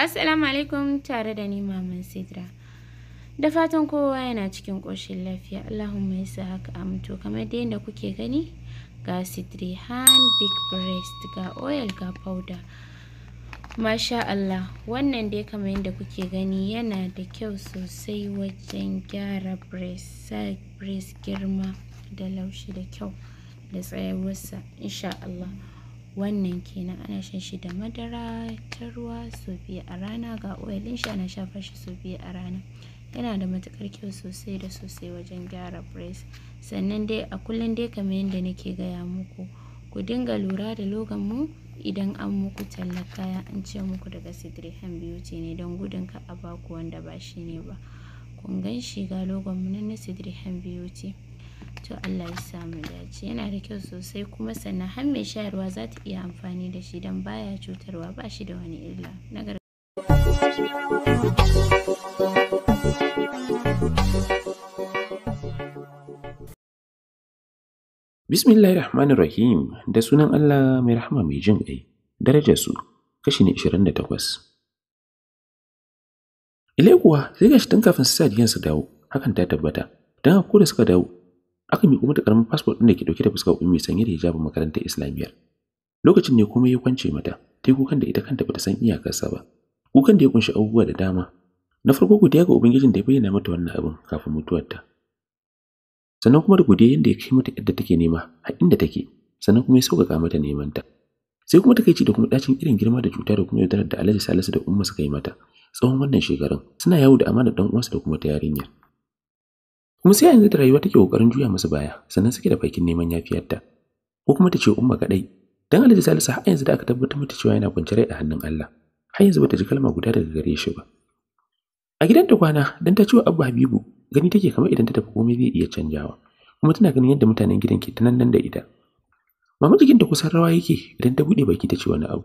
Assalamu alaikum tare da ni Maman Sidra. Da fatan kowa yana cikin ƙoshin lafiya. Allahumma yasa haka a mutu kamar da kuke gani ga hand Big Breast ga oil ga powder. Masha Allah wannan dai kamar yadda kuke gani yana da kyau sosai wajen gyara breast sa breast girma da laushi da kyau da tsayawarsa. insha Allah. Wannan kenan ana shan shi da madara ta ruwa sau biyu a rana ga oyalin shi ana shafa shi sau biyu a rana. Yana da matukar kyau sosai da sosai wajen gyara breast. Sannan dai a kullum dai kamar yadda nake gaya muku, ku dinga lura da logon mu idan an muku talla kaya an ce muku daga biyu Beauty ne don gudun ka a baku wanda ba shi ne ba. Kun gan shi ga logon mu nan na biyu Beauty. to Allah ya samu dace yana da kyau sosai kuma sannan har mai shayarwa za ta iya amfani da shi don baya cutarwa ba shi da wani illa na Bismillahir Rahmanir Rahim da sunan Allah mai rahama mai jin ƙai darajar su kashi ne 28 Ile kuwa sai gashi tun kafin su sa su dawo hakan ta tabbata don haku da suka dawo aka miƙo mata karamin passport ɗin da ke ɗauke da fuskar ummi sanye da hijabin makarantar islamiyyar lokacin ne kuma ya kwance mata ta yi kukan da ita kanta bata san iyakarsa ba kukan da ya kunshi abubuwa da dama na farko godiya ga ubangijin da ya bayyana mata wannan abin kafin mutuwarta sannan kuma da godiya yadda ya kai mata yadda take nema a inda take sannan kuma ya sauƙaƙa mata neman ta sai kuma takaici da kuma ɗacin irin girma da cuta da kuma yaudarar da Alhaji Salisu da Umma suka yi mata tsawon wannan shekarun suna yawo da amana dan uwansa da kuma ta kuma sai yanzu da rayuwa take kokarin juya musu baya sannan suke da bakin neman yafiyarta ko kuma ta ce umma kadai dan da salisa har yanzu da aka tabbatar mata cewa yana kwance rai a hannun Allah har yanzu bata ji kalma guda daga gare shi ba a gidan ta kwana dan ta ce Abba Habibu gani take kamar idan ta tafi komai zai iya canjawa kuma tana ganin yadda mutanen gidan ke ta nan da ita mama jikin ta kusan rawa yake idan ta bude baki ta ce wani abu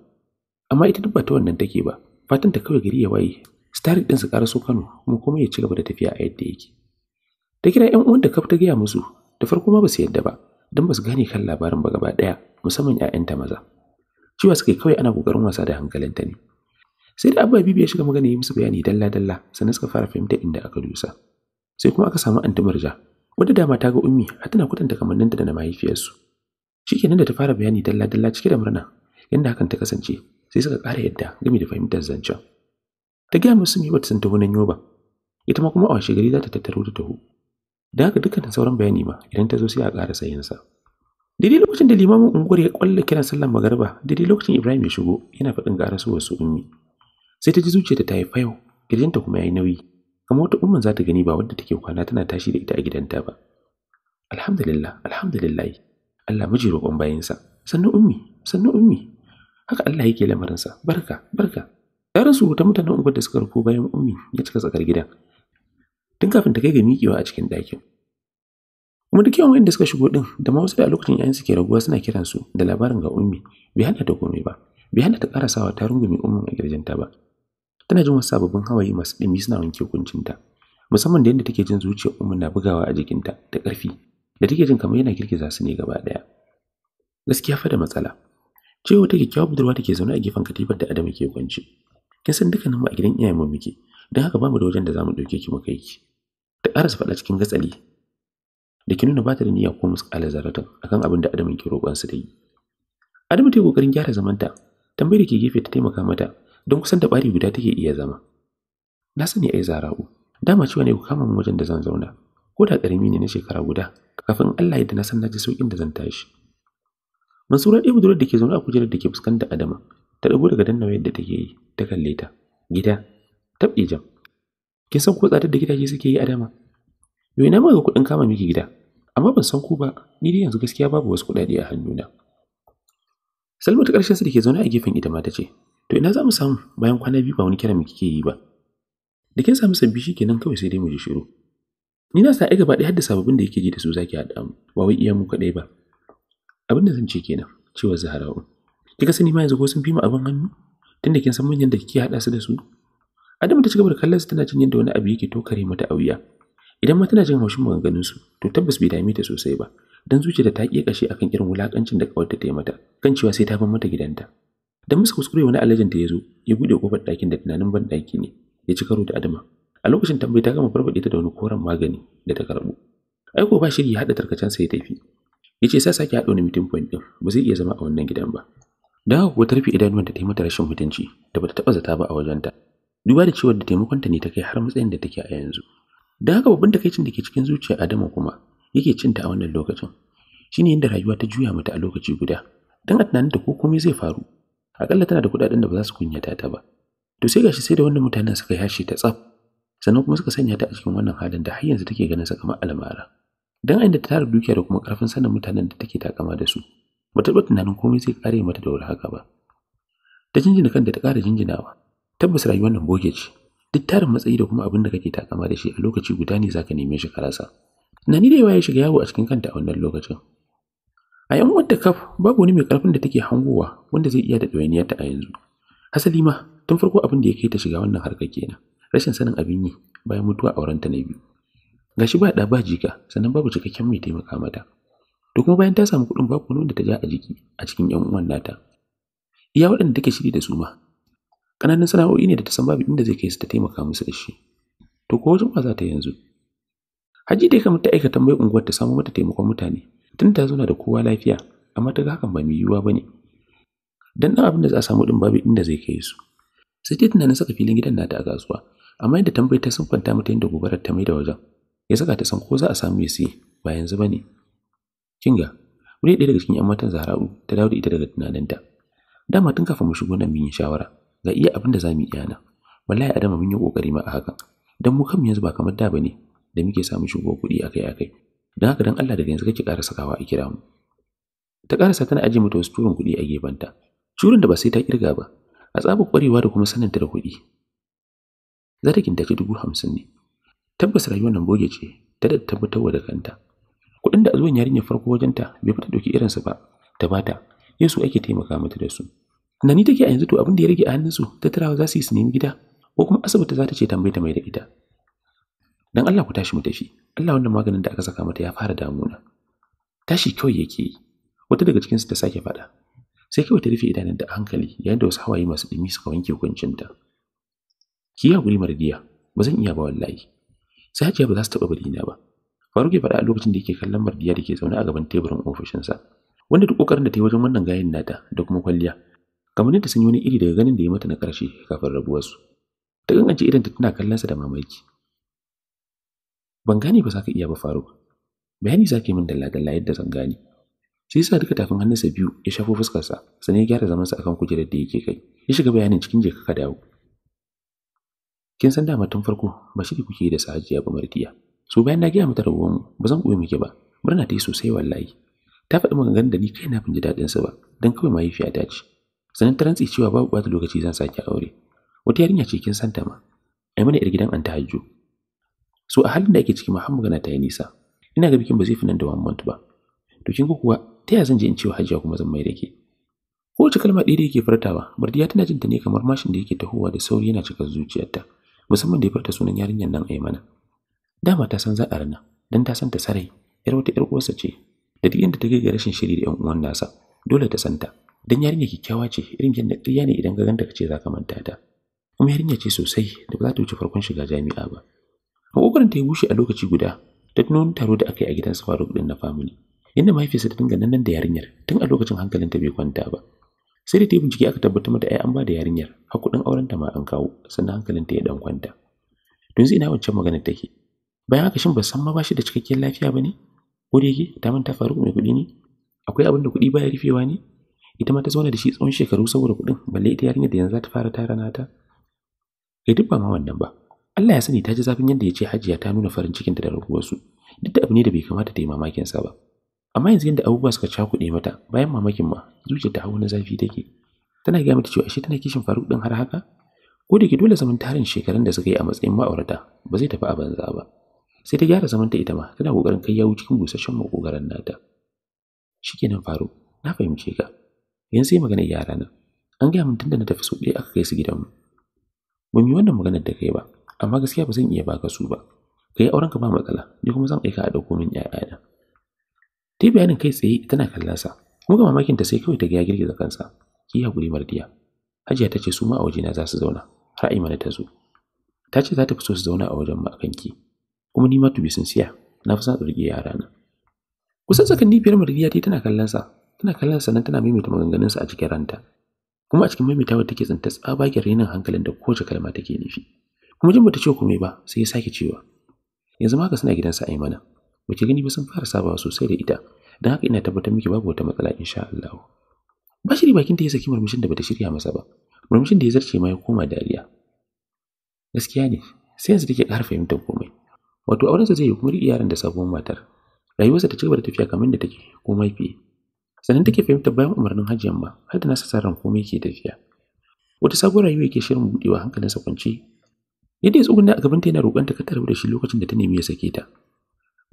amma ita duk ba ta wannan take ba fatan ta kawai gari ya waye starik din su karaso Kano kuma komai ya ci gaba da tafiya a yadda yake da kira ƴan uwanta kaf ta gaya musu da farko ma ba su yadda ba don ba su gane kan labarin ba gaba ɗaya musamman ƴaƴanta maza cewa suka kawai ana kokarin wasa da hankalinta ne sai da abba bibiya shiga magana ya musu bayani dalla dalla sannan suka fara fahimta inda aka dusa sai kuma aka samu ja. wadda dama ta ga ummi har tana kwatanta kamanninta da na mahaifiyarsu nan da ta fara bayani dalla dalla cike da murna yadda hakan ta kasance sai suka ƙara yadda game da fahimtar zancen ta gaya musu me bata san taho yoba ita ma kuma a washe gari za ta tattaro ta taho da haka dukkanin sauran bayani ma idan ta zo sai a ƙara sayinsa daidai lokacin da limamin unguwar ya kwalla kiran sallan magariba daidai lokacin ibrahim ya shigo yana faɗin ga su wasu ummi sai ta ji zuciyarta ta yi fayau kirjinta kuma ya yi nauyi kamar wata umman za ta gani ba wadda take kwana tana tashi da ita a gidanta ba alhamdulillah alhamdulillah Allah miji roƙon bayansa sannu ummi sannu ummi haka Allah yake sa, barka barka yaran su ta mutanen unguwar da suka rufo bayan ummi ya cika tsakar gidan tun kafin ta kai ga miƙewa a cikin ɗakin. Kuma duk yawan wayanda suka shigo ɗin da ma wasu da a lokacin ‘ya'yansu ke raguwa suna kiran su da labarin ga ummi bai hana ta komai ba, bai hana ta ƙarasawa ta rungume ummin a girjinta ba. Tana jin wasu sababbin hawaye masu ɗumi suna wanke kuncinta, musamman da yadda take jin zuciyar ummin na bugawa a jikinta da ƙarfi da take jin kamar yana girgiza su ne gaba ɗaya. Gaskiya fa da matsala. Cewa ta kyakkyawar budurwa ke zaune a gefen katifar da Adamu ke kwance. kin san dukkanin mu a gidan iyayen mu muke don haka ba mu da wajen da zamu dauke ki muka yi ki Da karasa faɗa cikin gatsali da ki nuna ba ta da niyya ko musu ala zaratan akan abin da adamin ki roƙon su da yi adamu ta yi kokarin gyara zamanta tambayar da ke gefe ta taimaka mata don kusan da bari guda take iya zama na sani ai zara'u dama cewa ne ku kama mu wajen da zan zauna ko da karami ne na shekara guda kafin Allah ya na san na ji saukin da zan tashi Mansura ɗaya budurwar da ke zaune a kujerar da ke fuskantar Adama ta dago daga danna yadda take yi ta kalle ta gida tabɗe jam kin san ko tsadar da gidaje suke yi a dama yau ina ga kuɗin kama miki gida amma ban san ku ba ni dai yanzu gaskiya babu wasu kuɗaɗe a hannuna Salma ta ƙarshen su da ke zaune a gefen ita ma ta ce to ina za mu samu bayan kwana biyu ba wani kiran miki ke yi ba da kin samu sabbi shikenan kawai sai dai mu je shiru ni na sa ga gaba ɗaya hadda sababin da yake ji da su zaki haɗa mu ba wai iya mu kaɗai ba abin da zan ce kenan cewa zahra'u kika sani ma yanzu ko sun fi mu abin hannu tunda kin san manyan da kike hada su da su Adamu ta cigaba da kallon su tana jin yadda wani abu yake tokare mata a wuya idan ma tana jin haushin maganganun su to tabbas bai dame ta sosai ba dan zuciyarta ta kiye kashe akan irin wulakancin da kawarta ta yi mata kan cewa sai ta bar mata gidanta dan musu kuskure wani alajin ta zo, ya bude kofar dakin da tunanin ban daki ne ya ci karo da Adama. a lokacin tambayi ta gama farfade ta da wani koren magani da ta karbo aiko ba shiri ya hada tarkacen sai ya tafi yace sai sake hada wani meeting point din ba zai iya zama a wannan gidan ba Da ku ta rufe idanuwan da ta yi mata rashin mutunci da bata taba zata ba a wajenta. Duba da cewa da taimakonta ne ta kai har matsayin da take a yanzu. Da haka babban takaicin da ke cikin zuciya Adamu kuma yake cin ta a wannan lokacin. Shine yadda rayuwa ta juya mata a lokaci guda. Dan a tunanin da ko komai zai faru. Akalla tana da kuɗaɗen da ba za su kunyata ta ba. To sai gashi sai da wannan mutanen suka yashe ta tsaf. Sannan kuma suka sanya ta a cikin wannan halin da har yanzu take ganin sa kamar almara. Dan inda ta tara dukiya da kuma karfin sanin mutanen da take takama da su. ba ta taɓa tunanin komai zai kare mata da wuri haka ba ta jinjina kanta ta ƙara jinjinawa tabbas rayuwar nan boge ce duk tarin matsayi da kuma abin da kake takama da shi a lokaci guda ne zaka neme shi karasa. na tunani da yawa ya shiga yawo a cikin kanta a wannan lokacin a yan wadda kaf babu wani mai karfin da take hangowa wanda zai iya da ɗawainiyarta a yanzu hasali ma tun farko abin da ya kai ta shiga wannan harkar kenan rashin sanin abin yi bayan mutuwa auren ta na biyu gashi ba da ba jika sannan babu cikakken mai taimaka mata to kuma bayan ta samu kuɗin babu wanda ta ja a jiki a cikin yan uwan nata iya waɗanda take shiri da su ma ƙananan sana'o'i ne da ta san babu inda zai kai su ta taimaka musu da shi to ko wajen za ta yanzu Haji dai kamar ta aika tambayar unguwar ta samu mata taimakon mutane tun ta zauna da kowa lafiya amma ta ga hakan ba mai yiwuwa ba ne dan ɗan abin da za a samu ɗin babu inda zai kai su sai ta tunanin saka filin gidan nata a kasuwa amma yadda tambayar ta sun kwanta mata yadda gobarar ta mai da wajen ya saka ta san ko za a samu ya siye ba yanzu ba ne Kinga, wuri ɗaya daga cikin ‘yan matan Zahra'u ta dawo da ita daga tunaninta. Dama tun kafin mu shigo nan mun yi shawara, ga iya abin da za mu iya nan. Wallahi Adama mun yi ƙoƙari ma a haka don mu kanmu yanzu ba kamar da ba ne da muke samun shigo kuɗi akai-akai. Don haka don Allah daga yanzu kake ƙara sakawa a kira mu. Ta ƙarasa tana ajiye mata wasu turin kuɗi a gefenta. Turin da ba sai ta ƙirga ba, a tsabar ƙwarewa da kuma saninta da kuɗi. Zadakin ta ci dubu hamsin ne. Tabbas rayuwar nan boge ce, ta da tabbatarwa da kanta. kuɗin da azuwan yarinyar farko wajenta bai fita ɗauki irinsu ba ta bata yesu su ake taimaka mata da su nani take a yanzu to abin da ya rage a hannunsu tattarawa za su yi su nemi gida ko kuma asibiti za ta ce tambayi ta mai da ita dan Allah ku tashi mu tashi Allah wannan maganin da aka saka mata ya fara damu na. tashi kawai yake yi wata daga cikin su ta sake faɗa sai kawai ta rufe idanun da hankali yayin da wasu hawaye masu ɗimi suka wanke hukuncinta ki ya guri diya ba zan iya ba wallahi sai hajiya ba za su taɓa birina ba Faruk ya faɗa a lokacin da yake kallon Mardiya da ke zaune a gaban teburin ofishinsa. Wanda duk ƙoƙarin da ta yi wajen wannan gayen nata da kuma kwalliya. Kamar ta sun yi wani iri daga ganin da ya mata na ƙarshe kafin rabuwarsu. Ta gangance idan ta tana kallon sa da mamaki. Ban gane ba za ka iya ba Faruk. Bayani za ka yi min dalla-dalla yadda zan gane. Shi sa duka tafin hannunsa biyu ya shafo fuskarsa, sannan ya gyara zamansa akan kujerar da yake kai. Ya shiga bayanin cikin jeka ka dawo. Kin san dama tun farko ba shiri kuke da sahajiya ba mardiya. so bayan na gaya mata rabuwar mu ba zan koyi miki ba murna ta yi sosai wallahi ta faɗi maganganun da ni kai na ji daɗin su ba dan kawai mahaifiya ta ce Sanin ta rantsi cewa babu ɓata lokaci zan sake aure wata yarinya ce kin santa ma ai mana yar gidan an ta hajju so a halin da ake ciki Muhammad gana ta yi nisa ina ga bikin ba zai fi nan da wani mantu ba to kin kuwa ta ya zan je in cewa hajiya kuma zan mai da ke kowace kalma ɗaya da yake furtawa mardiya tana jin ta ne kamar mashin da yake tahowa da sauri yana cika zuciyarta musamman da ya furta sunan yarinyar nan mana dama ta san za a rana don ta san ta sarai yar wata yar uwarsa ce da duk inda ta ga rashin shiri da yan uwan nasa dole ta san ta. dan yarinya kikkiawa ce irin yadda ƙarya ne idan ka ganta kace zaka manta ta kuma yarinya ce sosai da ba za ta wuce farkon shiga jami'a ba makokarin ta yi bushe a lokaci guda ta tuno taro da aka yi a gidan Faruk din na family inda mahaifiyarsa ta dinga nan da yarinyar tun a lokacin hankalin ta bai kwanta ba sai da ta bincike aka tabbatar mata ai an ba da yarinyar har kuɗin auren ta ma an kawo sannan hankalin ta ya dan kwanta tun zai ina wancan maganar take bayan haka shin ba san ma bashi da cikakkiyar lafiya ba ne ko da ke, ta manta faruk mai kuɗi ne akwai abin da kuɗi baya rufewa ne ita ma ta zauna da shi tsawon shekaru saboda kuɗin balle ita yarinya da yanzu za ta fara tara nata kai eh, duk ba ma wannan ba Allah ya sani ta ji zafin yadda ya ce hajiya ta nuna farin cikinta da su, duk da abu ne da bai kamata ta yi mamakin sa ba amma yanzu yadda abubuwa suka cakuɗe mata bayan mamakin ma zuciya ta hau na zafi take tana gaya mata cewa ashe tana kishin faruk ɗin har haka ko da ke dole zaman tarin shekarun da suka yi a matsayin ma'aurata ba zai tafi a banza ba sai ta gyara zamanta ita ma tana kokarin kai yawo cikin busasshen makogaran nata shikenan faru na fahimce ka yanzu sai magana yara na an gaya min tunda na tafi sau ɗaya aka kai su gidan mu yi wannan maganar da kai ba amma gaskiya ba zan iya baka su ba yi auren ka ba matsala ni kuma zan aika a dauko min ƴaƴana ta yi bayanin kai tsaye tana kallansa sa ga mamakin ta sai kawai ta gaya girgiza kansa ki hakuri mardiya hajiya ta ce su ma a wajena za su zauna har aimana ta zo ta ce za ta fi so su zauna a wajen mu akan ki kuma ni ma to be siya na fi son yara na kusan ni biyar mardiya ta tana kallon sa tana kallon sa nan tana maimaita maganganun sa a cikin ranta kuma a cikin maimaitawa take tsinta tsabagen rinin hankalin da kowace kalma take nufi kuma jin bata ce mai ba sai ya sake cewa yanzu ma haka suna gidansa a yi mana ba gani ba sun fara sabawa sosai da ita don haka ina tabbatar miki babu wata matsala insha Allah bashiri bakin ta ya saki murmushin da bata shirya masa ba murmushin da ya zarce ma ya koma dariya gaskiya ne sai yanzu take ƙara fahimtar komai wato aurensa zai yi kuri iyaren da sabuwar matar rayuwarsa ta cigaba da tafiya kamar da take komai fi sannan take fahimta bayan umarnin hajiyan ma har da nasa sarran komai ke tafiya wata sabuwar rayuwa yake shirin buɗewa hankalinsa kwance yadda ya tsugunna a gaban ta yana roƙonta ka tarbi da shi lokacin da ta nemi ya sake ta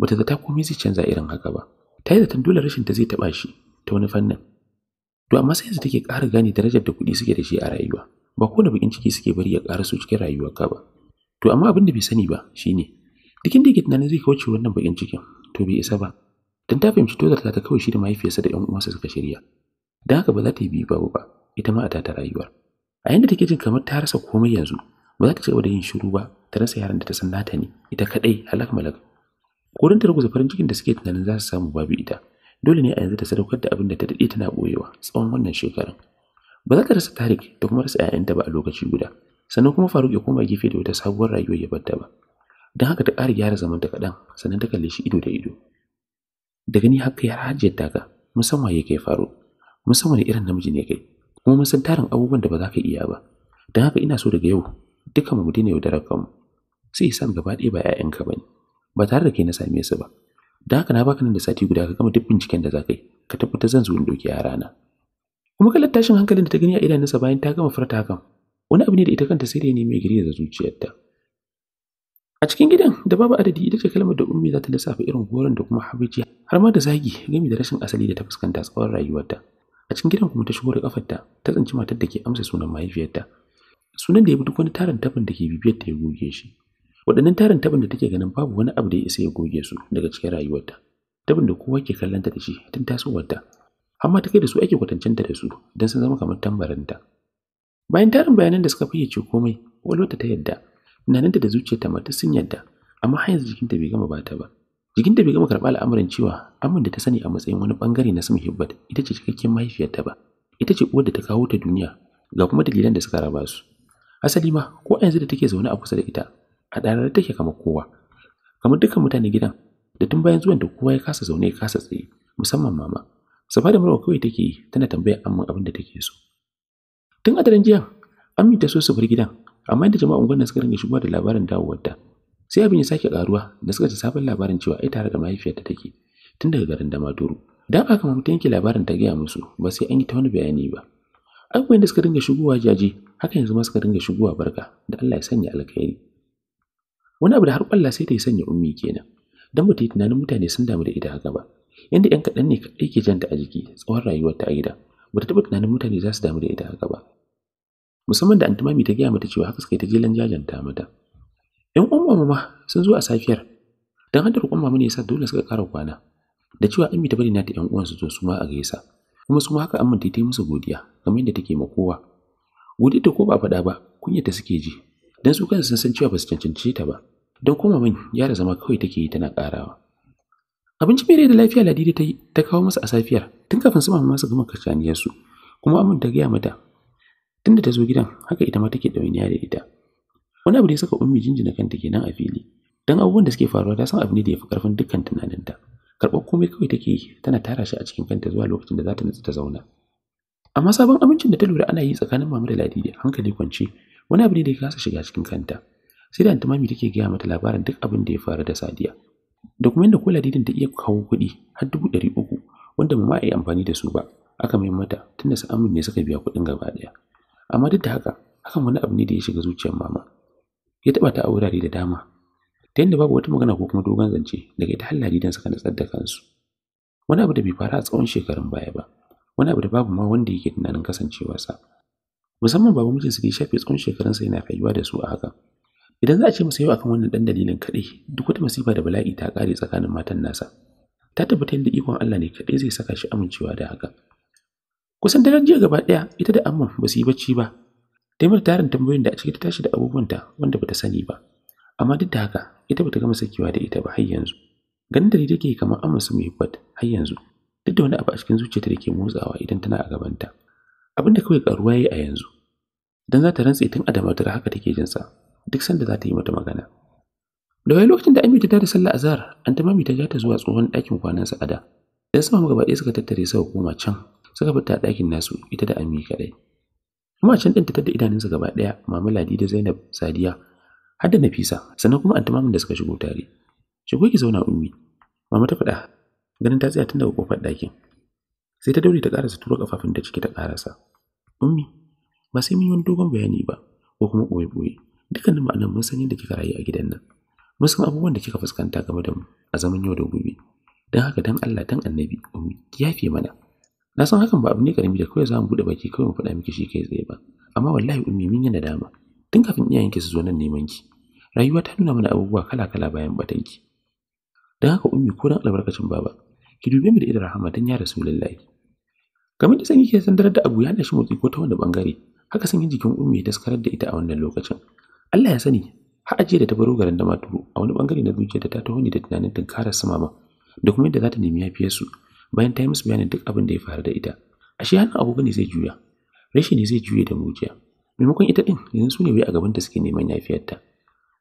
bata zata komai zai canza irin haka ba ta yi zaton dole rashin ta zai taɓa shi ta wani fannin to amma sai yanzu take ƙara gane darajar da kuɗi suke da shi a rayuwa ba kowane bakin ciki suke bari ya ƙara su cikin rayuwa ka ba to amma abin da bai sani ba shine duk inda yake tunanin zai kauce wannan bakin cikin to bai isa ba don ta fahimci zata ta kawai shi da mahaifiyarsa da 'yan uwansa suka shirya dan haka ba za ta yi biyu babu ba ita ma a ta rayuwar a yanda take jin kamar ta rasa komai yanzu ba za ta cigaba da yin shiru ba ta rasa yaran da ta san nata ne ita kadai halak malak gurin ta ruguza farin cikin da suke tunanin za su samu babu ita dole ne a yanzu ta sadaukar da abin da ta dade tana boyewa tsawon wannan shekarun ba za ta rasa tarik da kuma rasa 'ya'yanta ba a lokaci guda sannan kuma faruk ya koma gefe da wata sabuwar rayuwar ya bar ta ba don haka ta ƙara gyara zamanta kaɗan sannan ta kalle shi ido da ido da gani haka yara hajiyar taka Musamman ya waye kai faru Musamman wani irin namiji ne kai kuma mun san tarin abubuwan da ba za ka iya ba don haka ina so daga yau dukan mu daina yaudarar kanmu sai isan gaba ɗaya ba 'ya'yanka ba ne ba tare da kai na same su ba don haka na baka nan da sati guda ka gama duk binciken da za ka yi ka tabbatar zan zo in doki rana. kuma kalar tashin hankalin da ta gani a idanunsa bayan ta gama furta hakan wani abu ne da ita kanta sai da ya nemi da zuciyarta a cikin gidan da babu adadi ita ce kalmar da ummi za ta lissafa irin goron da kuma habiji har ma da zagi game da rashin asali da ta fuskanta tsawon rayuwarta a cikin gidan kuma ta shigo da kafarta ta tsinci matar da ke amsa sunan mahaifiyarta sunan da ya bi duk wani tarin tabin da ke bibiyar ta ya goge shi waɗannan tarin tabin da take ganin babu wani abu da ya isa ya goge su daga cikin rayuwarta tabin da kowa ke kallon da shi tun tasowarta amma ta kai da su ake kwatancenta da su don sun zama kamar tambarinta bayan tarin bayanan da suka fayyace komai walwata ta yadda tunaninta da zuciyarta ma ta sun yadda amma har yanzu jikinta bai gama bata ba jikinta bai gama karɓa al'amarin cewa amin da ta sani a matsayin wani bangare na sun hibbat ita ce cikakken mahaifiyarta ba ita ce uwar da ta kawo ta duniya ga kuma dalilan da suka raba su asali ma ko a yanzu da take zaune a kusa da ita a ɗarar take kamar kowa kamar dukkan mutane gidan da tun bayan zuwan da kowa ya kasa zaune ya kasa tsaye musamman mama safa da marwa kawai take yi tana tambayar amma abin da take so tun a daren jiya Ami ta so su bar gidan amma da jama'a gwamnati suka ringa shigowa da labarin ta sai abin ya sake karuwa da suka ji sabon labarin cewa ai tare da ta take tun daga garin da ba kamar mutum yake labarin ta gaya musu ba sai an yi ta wani bayani ba abubuwan da suka ringa shigowa jaje haka yanzu ma suka ringa shigowa barka da Allah ya sanya alkhairi wani abu da har kwalla sai ta yi sanya ummi kenan dan ba tunanin mutane sun damu da ita haka ba inda yan kaɗan ne kaɗai ke janta a jiki tsawon rayuwarta a gida ba ta taɓa tunanin mutane za su damu da ita haka ba musamman da antumami ta gaya mata cewa haka suka yi ta jilan jajanta mata yan umma ma sun zo a safiyar don hantar umma ne yasa dole suka ƙara kwana da cewa an ta bari na ta yan uwan su zo su ma a gaisa kuma su ma haka manta ta yi musu godiya kamar yadda take ma kowa godiya ta ko ba faɗa ba kunya ta suke ji dan su kansu sun san cewa ba su cancanci ta ba don kuma min ya da zama kawai take yi tana ƙarawa abinci mai rai da lafiya ladidi ta yi ta kawo masa a safiyar tun kafin su mama su gama kacaniyar su kuma an ta gaya mata tunda ta zo gidan haka ita ma take ɗauniya da ita wani abu da ya saka ummi jinjina kanta kenan a fili don abubuwan da suke faruwa ta san abu ne da ya fi karfin dukkan tunaninta karɓar komai kawai take yi tana tara shi a cikin kanta zuwa lokacin da za ta nutsu ta zauna amma sabon amincin da ta lura ana yi tsakanin mama da ladidi hankali kwance wani abu ne da ya kasa shiga cikin kanta sai da antumami take gaya mata labarin duk abin da ya faru da sadiya da kuma yadda ko ladidin ta iya kawo kuɗi har dubu ɗari uku wanda ba a yi amfani da su ba aka mai mata tunda su amin ne suka biya kuɗin gaba ɗaya amma duk da haka hakan wani abu ne da ya shiga zuciyar mama ya taɓa ta a wurare da dama ta yadda babu wata magana ko kuma dogon zance daga ita halladi don suka nutsar da kansu wani abu da bai fara a tsawon shekarun baya ba wani abu da babu ma wanda yake tunanin kasancewarsa musamman babu mijinsu da ya shafe tsawon shekarunsa yana rayuwa da su a haka idan za a ce masa yau akan wannan dan dalilin kaɗai duk wata masifa da bala'i ta ƙare tsakanin matan nasa ta tabbatar da ikon Allah ne kaɗai zai saka shi amincewa da haka Kusan daren jiya gaba ɗaya ita da Amma ba su yi bacci ba. Ta tarin tambayoyin da a ciki ta tashi da abubuwanta wanda bata sani ba. Amma duk da haka ita bata gama sakewa da ita ba har yanzu. Ganin da take kamar amma su mai bat har yanzu. Duk da wani abu a cikin zuciyarta da ke motsawa idan tana a gabanta. abinda da kawai karuwa yayi a yanzu. Dan za ta rantse tun a da tara haka take jinsa. Duk sanda za ta yi mata magana. da wani lokacin da Ami ta da sallah azhar an ta mami ta ja ta zuwa tsohon ɗakin kwanan sa'ada dan sama gaba ɗaya suka tattare sai koma can suka fita ɗakin nasu ita da Ami kaɗai. Kuma can ɗin ta da idanunsa gaba ɗaya Mama Ladi da Zainab Sadiya har da Nafisa sannan kuma Anta Mamin da suka shigo tare. Shigo ki zauna ummi. Mama ta faɗa ganin ta tsaya tun daga kofar ɗakin. Sai ta daure ta ƙarasa turo kafafun da ciki ta ƙarasa. Ummi ba sai mun yi wani dogon bayani ba ko kuma ɓoye-ɓoye. Dukkanin ma'anar mun san yadda kika rayu a gidan nan. Mun san abubuwan da kika fuskanta game da mu a zaman yau da gobe. Don haka don Allah don annabi ummi ki yafe mana. na san hakan ba abu ne karami da kawai za mu buɗe baki kawai mu faɗa miki shi kai tsaye ba amma wallahi ummi mun yana dama, tun kafin iyayenki su zo nan neman ki rayuwa ta nuna mana abubuwa kala-kala bayan batanki don haka ummi ko dan albarkacin baba ki dube mu da idan rahama dan ya rasulullahi kamar da sanyi ke darar da abu ya da shi motsi ko ta wani bangare haka sanyin jikin ummi ya taskarar da ita a wannan lokacin Allah ya sani har ajiye da ta baro garin da maturu a wani bangare na zuciyarta ta taho ne da tunanin tunkarar da kuma yadda za ta nemi yafiyar su bayan ta yi musu bayanin duk abin da ya faru da ita ashe hannun abu ne zai juya rashi ne zai juye da mujiya maimakon ita din yanzu su ne wai a gaban da suke neman yafiyarta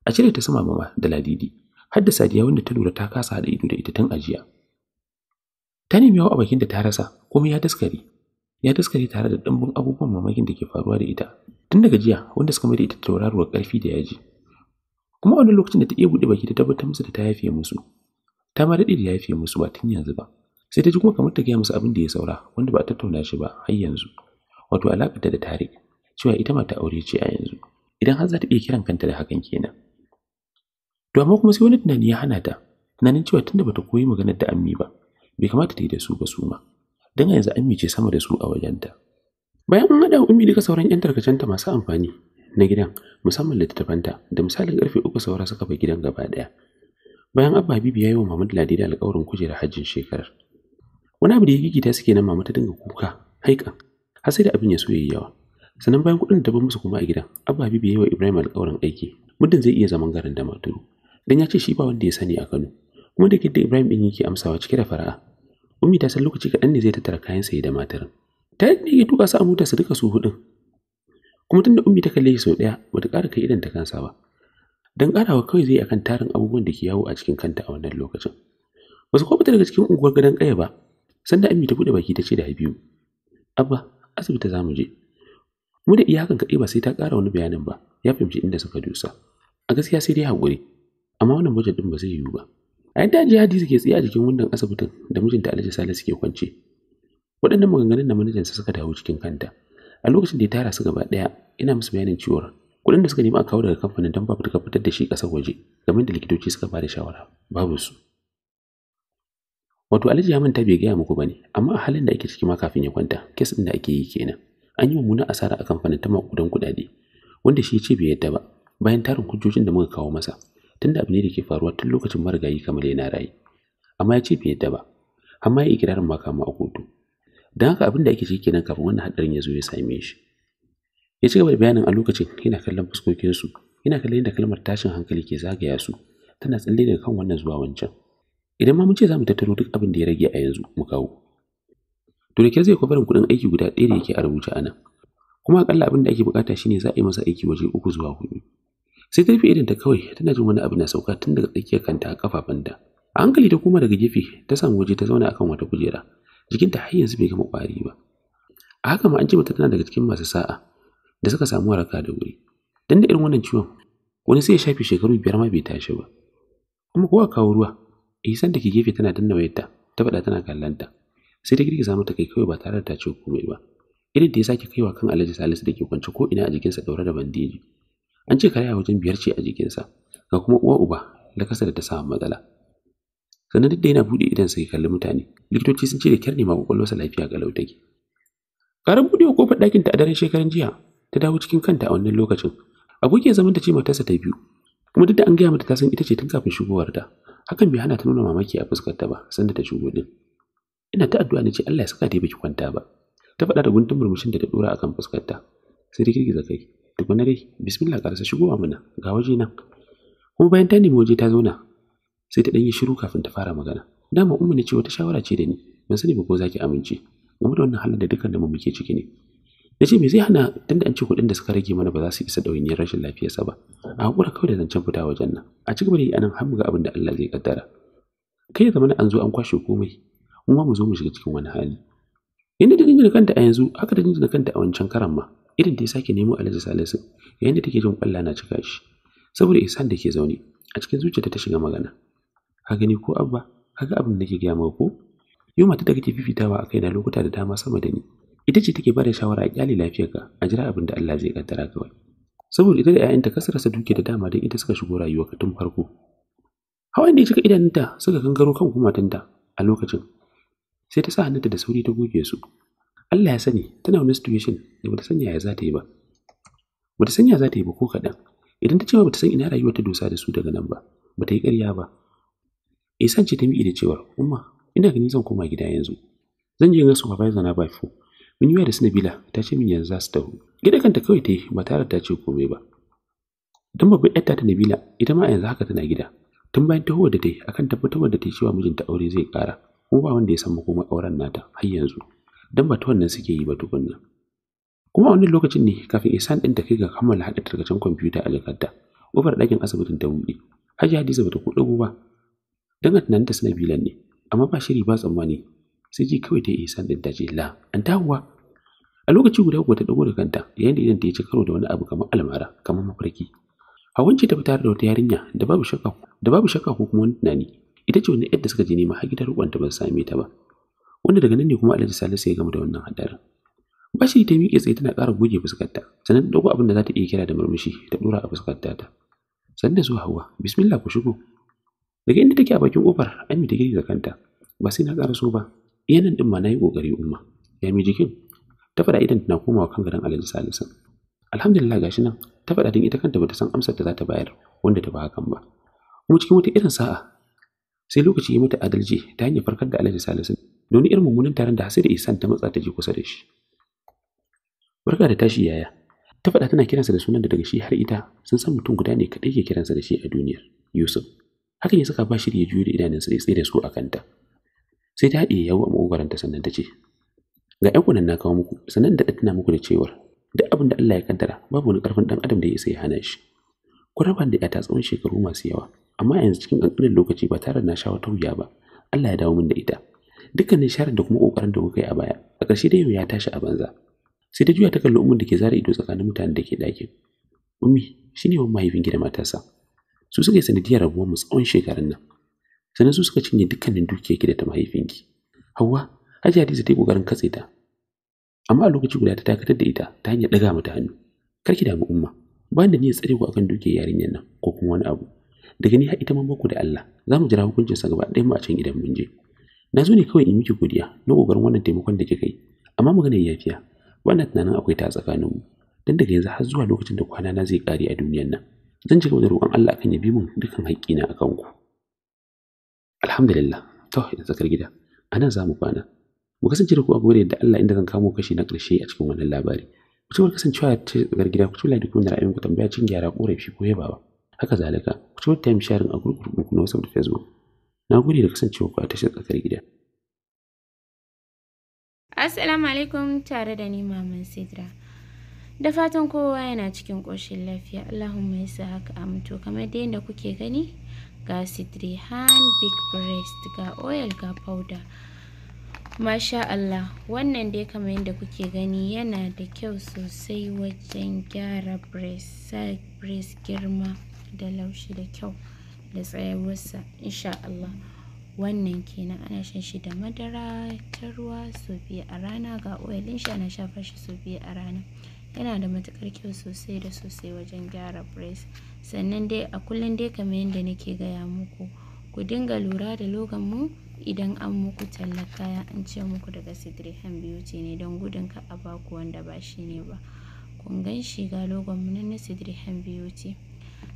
a cire ta sama mama da ladidi har da sadiya wanda ta lura ta kasa haɗa ido da ita tun ajiya ta nemi yawa bakin da ta rasa kuma ya daskare ya daskare tare da ɗumbin abubuwan mamakin da ke faruwa da ita tun daga jiya wanda suka mai da ita tauraruwar ƙarfi da yaji kuma wani lokacin da ta iya buɗe baki ta tabbatar musu da ta yafe musu ta ma daɗe da ya yafe musu ba tun yanzu ba sai ta ji kuma kamar ta gaya musu abin da ya saura wanda ba a tattauna shi ba har yanzu wato ta da tarik cewa ita ma ta aure ce a yanzu idan har za ta iya kiran kanta da hakan kenan to amma kuma sai wani tunani ya hana ta tunanin cewa tunda bata koyi maganar da ammi ba bai kamata ta yi da su ba suma, ma a yanzu ammi ce sama da su a wajenta bayan an haɗa ummi duka sauran yan tarkacenta masu amfani na gidan musamman littattafanta da misalin karfe uku saura suka bar gidan gaba daya bayan abba bibi ya yi wa mamad ladida alƙawarin kujerar hajjin shekarar wani abu da ya gigita suke nan mama ta dinga kuka haikan har sai da abin ya so yayi yawa sannan bayan kudin da ban musu kuma a gidan abba bibi yayi wa ibrahim alƙawarin aiki muddin zai iya zaman garin da maturu dan ya ce shi ba wanda ya sani a kano kuma da kidda ibrahim din yake amsawa cike da fara'a ummi ta san lokaci kaɗan ne zai tattara kayan saye da matar ta yadda ya tuka su a mota su duka su hudun kuma tunda ummi ta kalle shi sau ɗaya bata ƙara kai idan ta kansa ba dan ƙarawa kawai zai akan tarin abubuwan da ke yawo a cikin kanta a wannan lokacin ba su daga cikin unguwar gidan ƙaya ba sanda Amina ta bude baki ta ce da Habibu abba asibiti za mu je mu da iyakan kaɗe ba sai ta ƙara wani bayanin ba ya fahimci inda suka dusa. a gaskiya sai dai haƙuri amma wannan budget din ba zai yiwu ba a yadda ji hadisi ke tsaye a jikin wannan asibitin da mijinta alhaji salisu ke kwance waɗannan maganganun da manajansa suka dawo cikin kanta a lokacin da ya tara su gaba ɗaya ina musu bayanin cewar kuɗin da suka nemi a kawo daga kamfanin don babu fitar da shi ƙasar waje game da likitoci suka ba da shawara babu su wato alhaji yamin ta bai gaya muku bane amma a halin da ake ciki ma kafin ya kwanta kes din da ake yi kenan an yi mummunan asara a kamfanin ta makudan kudade, wanda shi ce bai yadda ba bayan tarin hujjojin da muka kawo masa tunda abu ne da ke faruwa tun lokacin marigayi kamar yana rayu amma ya ce bai yadda ba amma ya ikirarin ma kama a kotu don haka abin da ake ciki kenan kafin wannan hadarin ya zo ya same shi ya ci gaba da bayanin a lokacin yana kallon fuskokinsu yana kallon yadda kalmar tashin hankali ke zagaya su tana tsalle daga kan wannan zuwa wancan idan ma mun ce za mu tattaro duk abin da ya rage a yanzu mu kawo to da ke zai kwabarin kuɗin aiki guda ɗaya da yake a rubuce a nan kuma akalla abin da ake bukata shine za a yi masa aiki waje uku zuwa hudu sai ta rufe idan ta kawai tana jin wani abu na sauka tun daga tsakiyar kanta a da a hankali ta koma daga gefe ta samu waje ta zauna akan wata kujera jikinta har yanzu bai gama kwari ba a haka ma an ce mata tana daga cikin masu sa'a da suka samu waraka da wuri dan da irin wannan ciwon wani sai ya shafe shekaru biyar ma bai tashi ba kuma kowa kawo ruwa isan eh, da ke gefe tana danna wayarta ta faɗa tana kallanta sai ta girgiza mata kai kawai ba tare da ta ce komai ba irin da ya sake kaiwa kan alhaji salisu da ke kwance ko ina a jikinsa ɗaure da bandeji an ce a wajen biyar ce a jikinsa ga kuma uwa uba da kasa da ta samu matsala sannan duk da yana buɗe idan sai kalli mutane likitoci sun ce da kyar ne ma kwakwalwarsa lafiya galau take karan buɗewa kofar ɗakin ta a daren shekaran jiya ta dawo cikin kanta a wannan lokacin abokin zaman ta ce matarsa ta biyu kuma duk da an gaya mata ta san ita ce tun kafin shigowarta hakan bai hana ta nuna mamaki a fuskar ba sanda ta shigo din ina ta addu'a ce Allah ya saka ta biki kwanta ba ta faɗa da guntun murmushin da ta dora akan fuskar ta sai ta girgiza kai Duk wani dai bismillah karasa shigowa mana ga waje nan kuma bayan ta nemi waje ta zauna sai ta dan shiru kafin ta fara magana dama umma ne ce wata shawara ce da ni ban sani ba ko zaki amince game da wannan halin da dukkan mu muke ciki ne na ce me zai hana tunda an ce kuɗin da suka rage mana ba za su isa ɗawainiyar rashin sa ba a haƙura kawai da zancen fita wajen nan a ci gaba da yi anan har ga abin da Allah zai kaddara kai ya zamana an zo an kwashe komai mu ma mu zo mu shiga cikin wani hali inda da jinjina kanta a yanzu haka da jinjina kanta a wancan karan ma irin da ya sake nemo Alhaji Salisu yayin da take jin kwalla na cika shi saboda isan da ke zaune a cikin zuciyarta ta shiga magana ka gani ko abba kaga abin da ke gaya maka ko yau mata da kake fifitawa a kai na lokuta da dama sama da ni ita ce take bada shawara a kyale lafiyarka a jira abin da Allah zai kaddara kawai saboda ita da ƴaƴanta rasa duke da dama don ita suka shigo rayuwa tun farko hawan da ya cika idanunta suka gangaro kan kumatunta a lokacin sai ta sa hannunta da sauri ta goge su Allah ya sani tana wani situation da bata san yaya za ta yi ba bata san yaya za ta yi ba ko kaɗan idan ta ce ba bata san ina rayuwar ta dosa da su daga nan ba ba ta yi ƙarya ba isan ce ta miƙe da cewa umma ina ganin zan koma gida yanzu zan je ga supervisor na by mun yi da su Nabila ta ce min yanzu za su tafi gida kanta kawai ta yi ba tare ta ce komai ba don babban yarta ta Nabila ita ma yanzu haka tana gida tun bayan ta da ta yi akan tabbatar da ta yi cewa mijinta aure zai kara ko ba wanda ya san mu makomar auren nata har yanzu don ba ta wannan suke yi ba tukunna kuma a lokacin ne kafin isan ɗin ta kai ga kammala haɗa tarkacen kwamfuta a jakarta ƙofar ɗakin asibitin ta buɗe hajji hadiza bata kuɗa ba don a tunanin ta suna ne amma ba shiri ba tsammani sai ji kawai ta isan ɗin ta ce la an tahuwa a lokaci guda uku ta dago da kanta yayin da idan ta yi karo da wani abu kamar almara kamar mafarki hawan ce ta fitar da wata yarinya da babu shakka da babu shakka ko kuma wani tunani ita ce wani yadda suka je nema har gidan rukwanta ba su same ta ba wanda daga nan ne kuma alhaji salisu ya gama da wannan hadarin bashi ta miƙe tsaye tana ƙara goge fuskarta sannan ta abin da za ta iya kira da murmushi ta dora a fuskarta ta sannan da zuwa hawa bismillah ku shigo daga inda take a bakin kofar ami ta girgiza kanta ba sai na ƙara so ba iya nan ma na yi ƙoƙari umma ya mi jikin ta faɗa idan tana komawa kan gadon alhaji salisu alhamdulillah gashi nan ta faɗa din ita kanta bata san amsar da za ta bayar wanda ta ba hakan ba kuma cikin wata irin sa'a sai lokaci ya mata adalci ta hanyar farkar da alhaji salisu da irin mummunan taron da hasiru isan ta matsa ta je kusa da shi barka da tashi yaya ta faɗa tana kiransa da sunan da daga shi har ita sun san mutum guda ne kaɗai ke kiransa da shi a duniya yusuf hakan ya saka ba shirya juyo da idanunsa ya tsaye da su a kanta sai ta haɗe yawo a maƙogwaranta sannan ta ce ga ƴan kunan na kawo muku sannan da tana muku da cewar duk abin da Allah ya kaddara babu wani karfin dan adam da ya sai hana shi ku da da ta tsawon shekaru masu yawa amma yanzu cikin ƙanƙanin lokaci ba tare na sha wata wuya ba Allah ya dawo min da ita dukkanin sharar da kuma ƙoƙarin da kuka yi a baya a ƙarshe dai ya tashi a banza sai ta juya ta kalli ummin da ke zara ido tsakanin mutanen da ke ɗakin ummi ne wani mahaifin gida matarsa su suka yi sanadiyar rabuwar mu tsawon shekarun nan sannan su suka cinye dukkanin dukiyar gida ta mahaifinki hawa Hajiya Hadiza ta yi ƙoƙarin katse ta. Amma a lokaci guda ta dakatar da ita ta hanyar ɗaga mata hannu. Kar ki damu umma, ba da niyyar tsare ku akan duke yarinyar nan ko kuma wani abu. Daga ni har ita ma da Allah, za mu jira hukuncinsa gaba ɗaya mu a can idan mun je. Na zo ne kawai in miki godiya na ƙoƙarin wannan taimakon da kika yi, amma maganar yafiya, wannan tunanin akwai ta tsakaninmu. Don daga yanzu har zuwa lokacin da kwana na zai ƙare a duniyar nan. Zan ci gaba da roƙon Allah akan ya bi mun dukkan haƙƙina akan ku. Alhamdulillah, to yanzu gida, nan za mu kwana. mu kasance da ku a gobe da Allah inda zan kamo kashi na ƙarshe a cikin wannan labari ku ci kasancewa ta tsagar gida ku ci da kuma ra'ayin ku tambaya cin gyara ƙorafi ko yabawa haka zalika ku ci wata time sharing a gurgurun ku na WhatsApp da Facebook na gode da kasancewa ku a tashar tsakar gida Assalamu alaikum tare da ni Maman Sidra da fatan kowa yana cikin ƙoshin lafiya Allahumma sa haka a mutu kamar da yadda kuke gani ga sidri hand big breast ga oil ga powder Masha Allah, wannan dai kamar yadda kuke gani yana da kyau sosai wajen gyara side breast girma da laushi da kyau da tsayawarsa insha Allah. Wannan kenan ana shan shi da madara ta ruwa sau biyu a rana ga oil ɗin shi ana shafa shi sau biyu a rana. Yana da matukar kyau sosai da sosai wajen gyara breast. Sannan dai a kullum dai kamar yadda nake gaya muku, ku dinga lura da logon mu. idan an muku talla kaya an ce muku daga sidirham biyu ce ne don gudun ka a baku wanda ba shi ne ba kun gan shi ga logon mu na sidirham biyu ce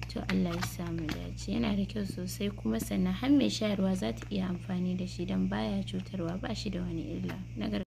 to Allah ya samu dace yana da kyau sosai kuma sannan har mai shayarwa za ta iya amfani da shi don baya cutarwa ba shi da wani illa